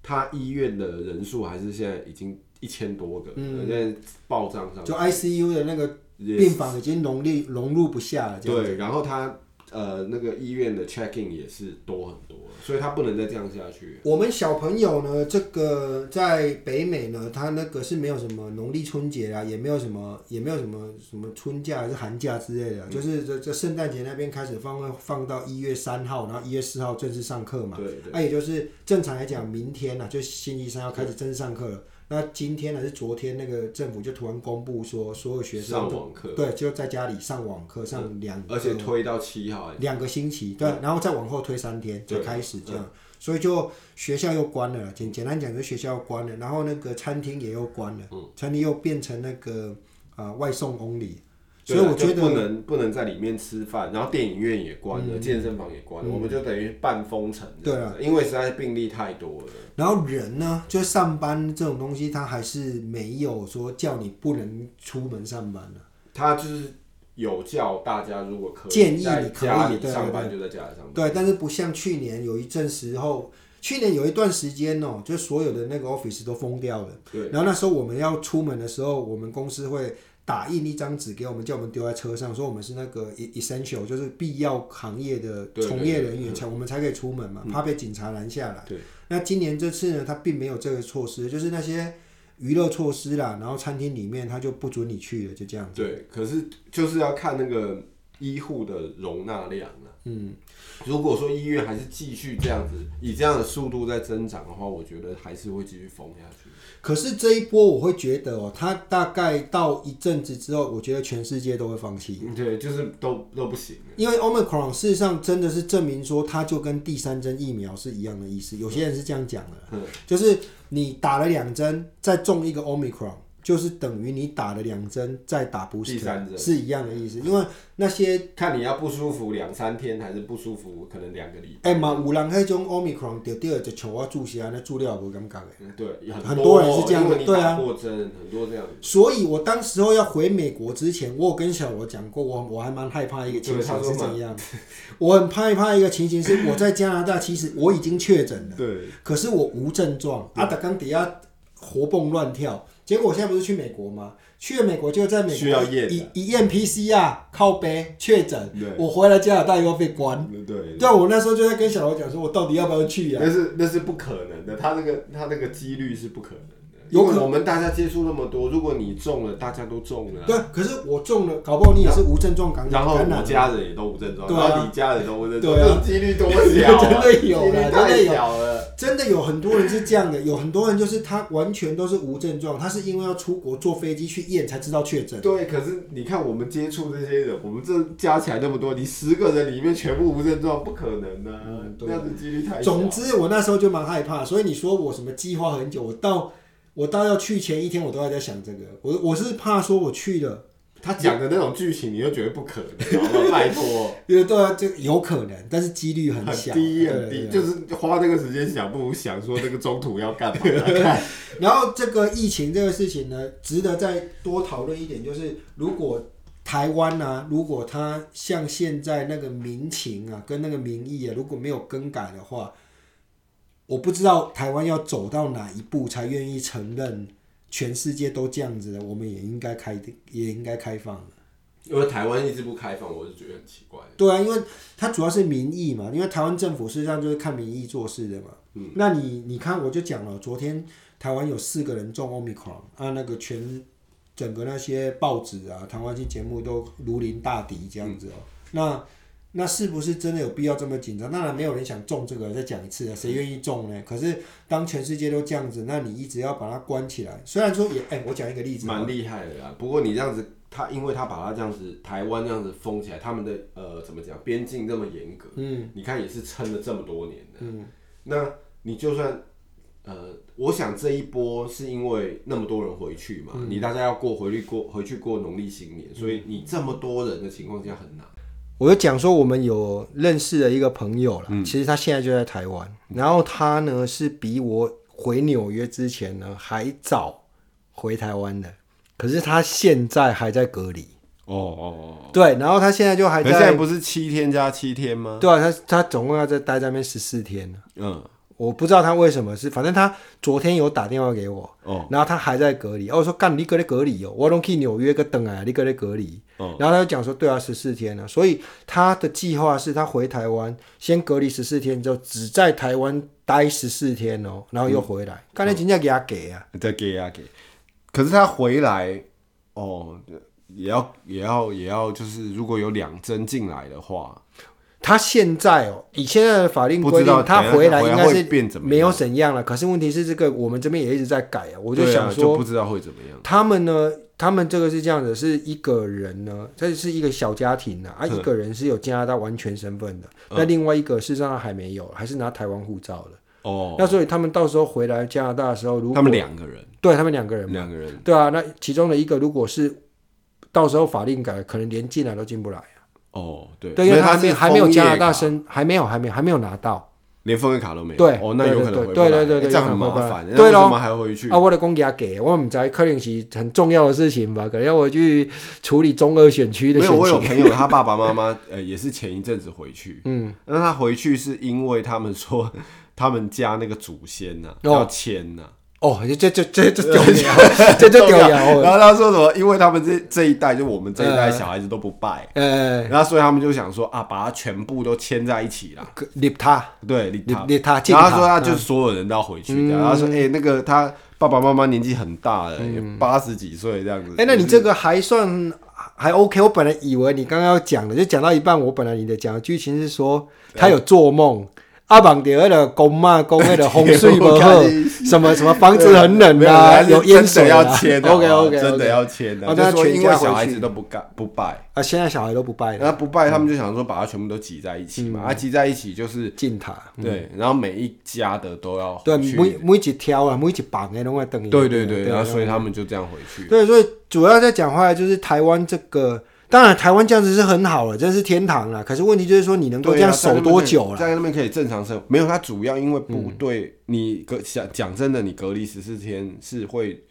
他醫院的人數還是現在已經一千多個，嗯，現在暴漲上，就 ICU 的那個。Yes. 病房已經融力融入不下了，對，然後他呃那個醫院的 check in 也是多很多，所以他不能再這樣下去，嗯。我們小朋友呢，這個在北美呢，他那個是沒有什麼農曆春節啊，也沒有什麼也沒有什麼什麼春假還是寒假之類的，嗯，就是這這聖誕節那邊開始放放到一月三號，然後一月四號正式上課嘛。那、啊、也就是正常來講，明天呢就星期三要開始正式上課了。那今天還是昨天，那個政府就突然公布說，所有學生上網課，對，就在家裡上網課上兩、嗯，而且推到七號，兩個星期，對、嗯，然後再往後推三天就開始這樣、嗯，所以就學校又關了，簡簡單講就是學校關了，然後那個餐廳也又關了，餐廳又變成那個啊、呃、外送 only。所以我覺得不能、嗯、不能在裡面吃飯，然後電影院也關了，嗯、健身房也關了，嗯、我們就等於半封城。對啊，因為實在是病例太多了。然後人呢，就上班這種東西，他還是沒有說叫你不能出門上班了。他就是有叫大家如果可以建議你在家裡上班就在家裡上班對對對對對對，對。但是不像去年有一陣時候，去年有一段時間哦、喔，就所有的那個 office 都封掉了。對。然後那時候我們要出門的時候，我們公司會。打印一張紙給我們，叫我們丟在車上，說我們是那個 essential，就是必要行業的從業人員。對對對，才、嗯、我們才可以出門嘛，嗯、怕被警察攔下來。那今年這次呢，他並沒有這個措施，就是那些娛樂措施啦，然後餐廳裡面他就不准你去了，就這樣子。對，可是就是要看那個。醫護的容納量了、啊。嗯，如果說醫院還是繼續這樣子 以這樣的速度在增長的話，我覺得還是會繼續封下去。可是這一波，我會覺得哦、喔，它大概到一陣子之後，我覺得全世界都會放棄。對，就是都都不行。因為 Omicron 事實上真的是證明說，它就跟第三針疫苗是一樣的意思。有些人是這樣講的、嗯，就是你打了兩針，再中一個 Omicron。就是等於你打了兩針，再打不是，三針是一樣的意思。因為那些看你要不舒服兩三天，還是不舒服，可能兩個禮拜。哎、欸、嘛，有人那種奧密克戎丟着就求我注射安，那注射也無感覺對很，很多人是,是、啊、多這樣的對啊。所以我當時候要回美國之前，我有跟小羅講過，我我還蠻害怕一個情況是怎樣。我很害怕一個情形是，我,怕怕形是我在加拿大其實我已經確診了，可是我無症狀，阿達剛底下活蹦亂跳。結果我現在不是去美國嗎？去了美國就在美國需要一一驗 PCR，靠背確診。我回來加拿大又要被關。對，對，對，但我那時候就在跟小羅講說，我到底要不要去啊。那是那是不可能的，他那個他那個幾率是不可能的。有可，因為我們大家接觸那麼多，如果你中了，大家都中了，啊。對，可是我中了，搞不好你也是無症狀感染，然後我家人也都無症狀，對啊，然後你家人都無症狀，對啊，對啊，幾率多小，啊？真的有啊，真的有。真的有很多人是這樣的， 有很多人就是他完全都是無症狀，他是因為要出國坐飛機去驗才知道確診。對，可是你看我們接觸這些人，我們這加起來那麼多，你十個人裡面全部無症狀，不可能呢，啊嗯。對，啊，這樣子幾率太小了。總之，我那時候就蠻害怕，所以你說我什麼計劃很久，我到。我到要去前一天，我都要在想這個。我我是怕說，我去了，他講的那種劇情，你又覺得不可能。 拜托，也 對啊，這有可能，但是幾率很小，很低很低、 啊。就是花那個時間想，不如想說這個中途要幹嘛。來 然後這個疫情這個事情呢，值得再多討論一點，就是如果台灣呢、啊，如果他像現在那個民情啊，跟那個民意啊，如果沒有更改的話。我不知道台灣要走到哪一步才願意承認，全世界都這樣子的，我們也應該開，也應該開放。因為台灣一直不開放，我就覺得很奇怪。對啊，因為它主要是民意嘛，因為台灣政府實際上就是看民意做事的嘛。嗯，那你你看，我就講了，昨天台灣有四個人中 Omicron 啊，那個全整個那些報紙啊，台灣這些節目都如臨大敵這樣子哦、喔嗯。那那是不是真的有必要這麼緊張？當然沒有人想中這個，再講一次啊，誰願意中呢？可是當全世界都這樣子，那你一直要把它關起來。雖然說也，哎、欸，我講一個例子。蠻厲害的啦，不過你這樣子，他因為他把它這樣子，台灣這樣子封起來，他們的呃怎麼講，邊境那麼嚴格，嗯，你看也是撐了這麼多年的。嗯，那你就算呃，我想這一波是因為那麼多人回去嘛，嗯、你大家要過回去過回去過農曆新年，所以你這麼多人的情況下很難。我就講說，我們有認識的一個朋友啦。嗯。其實他現在就在台灣，然後他呢是比我回紐約之前呢還早回台灣的，可是他現在還在隔離。哦哦，哦，哦，哦，對，然後他現在就還在。可是現在不是七天加七天嗎？對啊，他他總共要在待在那邊十四天。嗯。我不知道他為什麼是，反正他昨天有打電話給我，哦，然後他還在隔離，我說幹你在隔離隔離哦，我都去紐約個等啊，你隔離隔離，哦、嗯，然後他就講說對啊，十四天啊。所以他的計劃是他回台灣先隔離十四天，之後只在台灣待十四天哦，然後又回來，剛、嗯、才真正給他給啊，再給啊給，可是他回來哦，也要也要也要就是如果有兩針進來的話。他現在哦，以現在的法令規定，他回來應該是沒有怎樣了。可是問題是，這個我們這邊也一直在改啊。我就想說，啊、不知道會怎麼樣。他們呢？他們這個是這樣的，是一個人呢，這是一個小家庭呢、啊，啊。一個人是有加拿大完全身份的，那另外一個事實上還沒有，還是拿台灣護照的哦、嗯。那所以他們到時候回來加拿大的時候如果，如他們兩個人，對他們兩個人，兩個人，對啊。那其中的一個如果是到時候法令改，可能連進來都進不來。哦，對，對，沒有，因為他還沒有是還沒有加拿大生，還沒有，還沒有，還沒有拿到，連楓葉卡都沒有。對，哦，那有可能會，對對對對，對，這樣很麻煩。對了，我們還要回去啊、哦哦，我的公爺給我，我們在克林奇很重要的事情吧，可能要回去處理中俄選區的事情。沒有，我有朋友，他爸爸媽媽 呃也是前一陣子回去，嗯，那他回去是因為他們說他們家那個祖先呢、啊哦、要遷呢、啊。哦、喔，就就就就丟掉，這 就丟掉。然後他說什麼？因為他們這這一代，就我們這一代小孩子都不拜。呃，然後所以他們就想說啊，把他全部都牽在一起了。立、嗯、他、嗯嗯，對，立他，立他。然後說他就是所有人都要回去。然後說，哎、欸，那個他爸爸媽媽年紀很大了，八十幾歲這樣子。哎、嗯欸，那你這個還算還 OK。我本來以為你剛剛要講的，就講到一半，我本來你講的講劇情是說他有做夢。嗯嗯阿邦第的個公嘛公的的風水不喝，什麼， 什麼什麼房子很冷啊，有煙、啊、水、啊、要 o、okay, 的 OK OK，真的要切的。那、oh, 因為小孩子都不幹，不拜啊，現在小孩都不拜了。那不拜，嗯、他們就想說把它全部都擠在一起、嗯、嘛，啊，擠在一起就是進塔、嗯。對，然後每一家的都要對每每一條啊，每一條綁在會等。對對對，對，對，對，對，然後所以他們就這樣回去。對，所以主要在講話就是台灣這個。當然，台灣這樣子是很好了，這是天堂了。可是問題就是說，你能夠這樣、啊、守多久了？在那邊可以正常生活？沒有，他主要因為不對。你隔講講真的，你隔離十四天是會。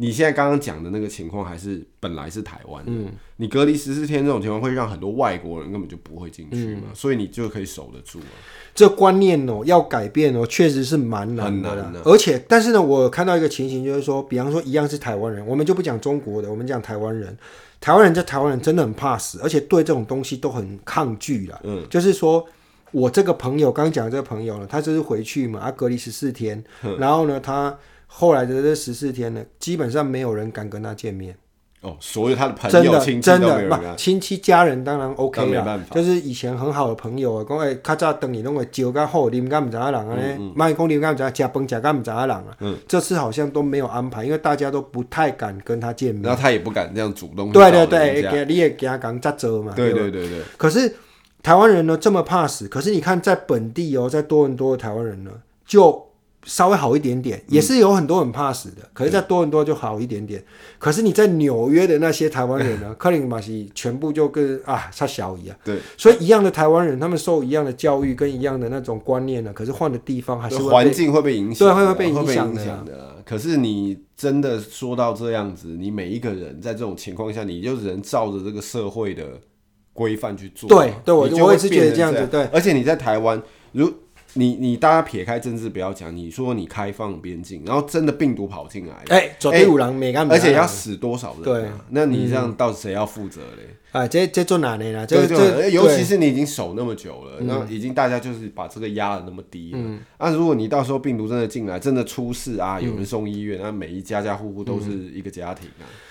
你現在剛剛講的那個情況，還是本來是台灣。嗯，你隔離十四天這種情況，會讓很多外國人根本就不會進去嘛、嗯，所以你就可以守得住了。這觀念哦，要改變哦，確實是蠻難的、啊難難。而且，但是呢，我有看到一個情形，就是說，比方說一樣是台灣人，我們就不講中國的，我們講台灣人。台灣人在台灣人真的很怕死，而且對這種東西都很抗拒了。嗯，就是說我這個朋友，剛剛講的這個朋友呢，他就是回去嘛，他、啊、隔離十四天、嗯，然後呢，他後來的這十四天呢，基本上沒有人敢跟他見面。哦，所有他的朋友、真的親戚真的親戚家人當然 OK 了，就是以前很好的朋友說、欸嗯嗯、說吃吃啊，公哎，卡扎等你弄個酒干後，你們幹麼在阿朗啊？賣公，你們幹麼在加班加幹麼在阿朗啊？這次好像都沒有安排，因為大家都不太敢跟他見面。那他也不敢這樣主動。對對對，對對對對對欸、你也給他講扎遮嘛對？對對對對。可是台灣人呢，這麼怕死。可是你看，在本地哦，在多倫多的台灣人呢，就。稍微好一點點，也是有很多很怕死的。嗯、可是，在多倫多就好一點點。可是你在紐約的那些台灣人呢？可能也是全部就跟啊差小一樣、啊。對，所以一樣的台灣人，他們受一樣的教育，跟一樣的那種觀念呢、啊。可是換的地方還是環境會被影響、啊，對，會被被影響的，、啊影的啊。可是你真的說到這樣子，你每一個人在這種情況下，你就只能照着這個社會的規範去做。對，對我我也是覺得這樣子對。對，而且你在台灣如。你你大家撇開政治不要講，你說你開放邊境，然後真的病毒跑進來，哎，A 五狼沒干，而且要死多少人、啊？對啊，那你這樣到底誰要負責嘞？啊、欸，這這做哪呢？了？就就、欸、尤其是你已經守那麼久了，那、嗯、已經大家就是把這個壓得那麼低了。嗯啊、如果你到時候病毒真的進來，真的出事啊，有人送醫院，那、嗯啊、每一家家戶戶戶都是一個家庭啊。嗯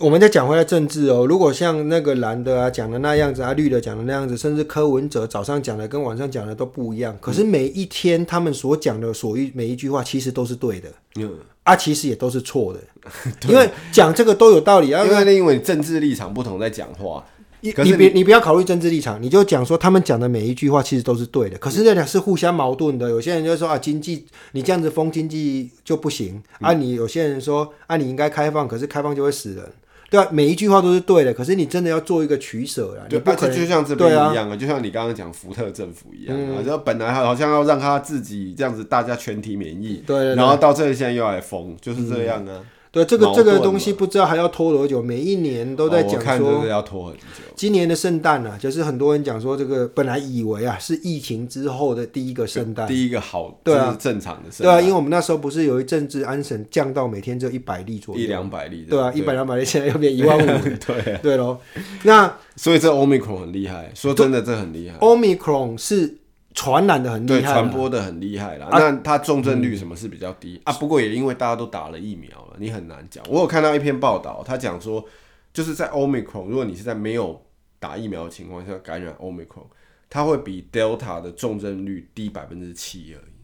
我們再講回來政治哦，如果像那個藍的啊講的那樣子、嗯、啊，綠的講的那樣子，甚至柯文哲早上講的跟晚上講的都不一樣。可是每一天他們所講的所謂每一句話其實都是對的，嗯、啊，其實也都是錯的、嗯，因為講這個都有道理啊。因為因為政治立場不同在講話，你你別你不要考慮政治立場，你就講說他們講的每一句話其實都是對的。可是那倆是互相矛盾的。嗯、有些人就說啊，經濟你這樣子封經濟就不行啊。你有些人說啊，你應該開放，可是開放就會死人。對啊，每一句話都是對的，可是你真的要做一個取捨啦。對，而且就像這邊一樣啊，啊，就像你剛剛講福特政府一樣啊，嗯、就本來好像要讓他自己這樣子，大家全體免疫，對對對，然後到這裡現在又來封，就是這樣啊。嗯對這個這個東西不知道還要拖多久，每一年都在講說我看要拖很久，今年的聖誕呢，就是很多人講說，這個本來以為啊是疫情之後的第一個聖誕，第一個好、啊、就是正常的聖誕，對啊，因為我們那時候不是有一陣子安省降到每天就一百例左右，一兩百例，對啊，一百兩百例，100, 例現在又變一萬五、 啊、對、啊、對嘍，那所以這 Omicron 很厲害，說真的這很厲害 Do,，Omicron 是。傳染的很厲害，傳播的很厲害啦、啊。那它重症率什麼是比較低、嗯、啊？不過也因為大家都打了疫苗了，你很難講。我有看到一篇報道，他講說，就是在 Omicron，如果你是在沒有打疫苗的情況下感染 Omicron，它會比 Delta 的重症率低百分之七而已。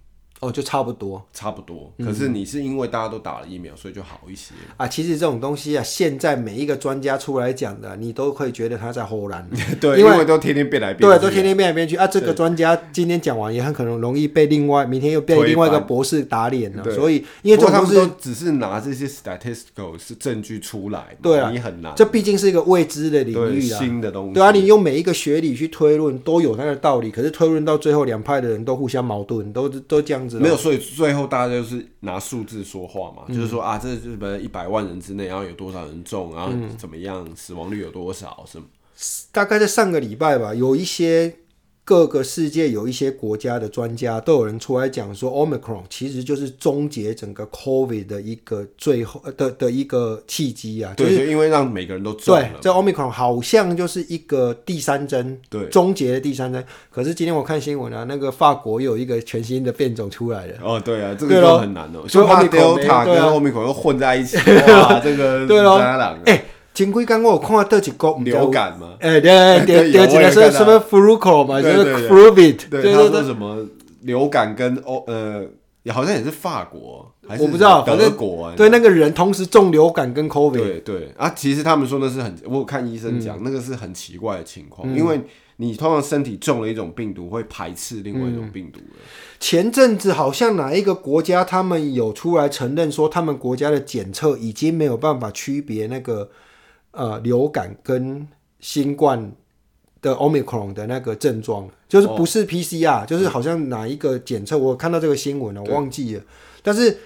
哦，就差不多，差不多。可是你是因為大家都打了疫苗，嗯、所以就好一些啊。其實這種東西啊，現在每一個專家出來講的，你都會覺得他在唬爛。 對，因，因為都天天變來變去，對，都天天變來變去啊。這個專家今天講完，也很可能容易被另外明天又被另外一個博士打臉了。所以，因為不他們都只是拿這些 statistical 是證據出來，對啊，你很難。這畢竟是一個未知的領域啊，新的東西。對啊，你用每一個學理去推論都有它的道理，可是推論到最後，兩派的人都互相矛盾，都都這樣子。沒有，所以最後大家就是拿數字說話嘛，嗯、就是說啊，這是一百萬人之內，然後有多少人中，然後怎麼樣，嗯，死亡率有多少，是嗎？大概在上個禮拜吧，有一些。各個世界有一些國家的專家都有人出來講說，Omicron 其實就是終結整個 COVID 的一個最後的的，的一個契機啊。就是、對，就因為讓每個人都對這 Omicron 好像就是一個第三針，對，終結的第三針。可是今天我看新聞啊，那個法國有一個全新的變種出來了。哦，對啊，這個都很難哦，所以 Delta 跟 Omicron 又混在一起，哦、哇 這個對、哦、啊，兩、欸、個。前規剛我有看到這幾個流感嗎、欸、是是是嘛？哎，對對對，是是 fruco 嘛？就是 fluvid，就是說什麼流感跟歐呃，也好像也是法國，國啊、我不知道德國，對那個人同時中流感跟 covid，對，對啊，其實他們說那是很，我有看醫生講、嗯、那個是很奇怪的情況、嗯，因為你通常身體中了一種病毒會排斥另外一種病毒、嗯、前陣子好像哪一個國家他們有出來承認說他們國家的檢測已經沒有辦法區別那個。呃，流感跟新冠的 Omicron 的那個症狀，就是不是 PCR、哦、就是好像哪一個檢測、嗯？我看到這個新聞了，我忘記了。但是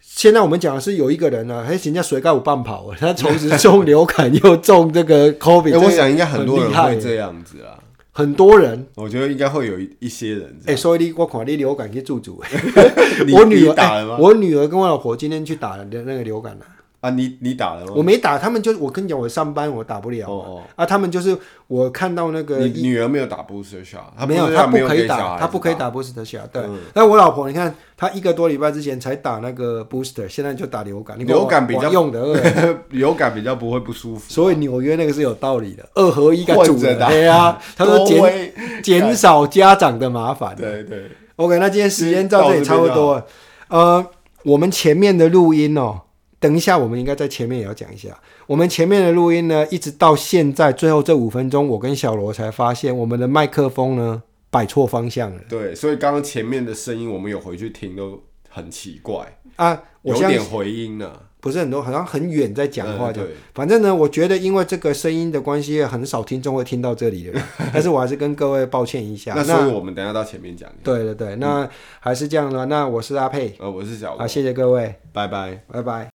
現在我們講的是有一個人呢、啊，還人家誰敢我半跑？他同時中流感 又中這個 COVID，、欸、我想應該很多人，很厲害人會這樣子啊，很多人，我覺得應該會有一些人。哎、欸，所以我看你我狂烈流感去住住， 我女兒打、欸，我女兒跟我老婆今天去打的那個流感了、啊。啊，你你打了嗎？我沒打，他們就我跟你講，我上班我打不了。哦哦啊，他們就是我看到那個你女兒沒有打 booster shot 沒有，她不可以打，以打她不可以打 booster shot 那我老婆，你看她一個多禮拜之前才打那個 booster，現在就打流感，流感比較用的，欸、 流感比較不會不舒服、啊。所以紐約那個是有道理的，二合一主的主、啊、對啊，他說減減少家長的麻煩。 對,對對。OK，那今天時間到這裡差不多了。嗯、呃，我們前面的錄音哦、喔。等一下，我們應該在前面也要講一下。我們前面的錄音呢，一直到現在最後這五分鐘，我跟小羅才發現我們的麥克風呢，擺錯方向了。對，所以剛剛前面的聲音我們有回去聽，都很奇怪啊，有點回音呢、啊，不是很多，好像很遠在講話的、嗯。對，反正呢，我覺得因為這個聲音的關係，也很少聽眾會聽到這裡的。 但是我還是跟各位抱歉一下。 那所以我們等一下到前面講。對對對、嗯，那還是這樣了。那我是阿沛，呃，我是小羅。好，謝謝各位，拜拜，拜拜。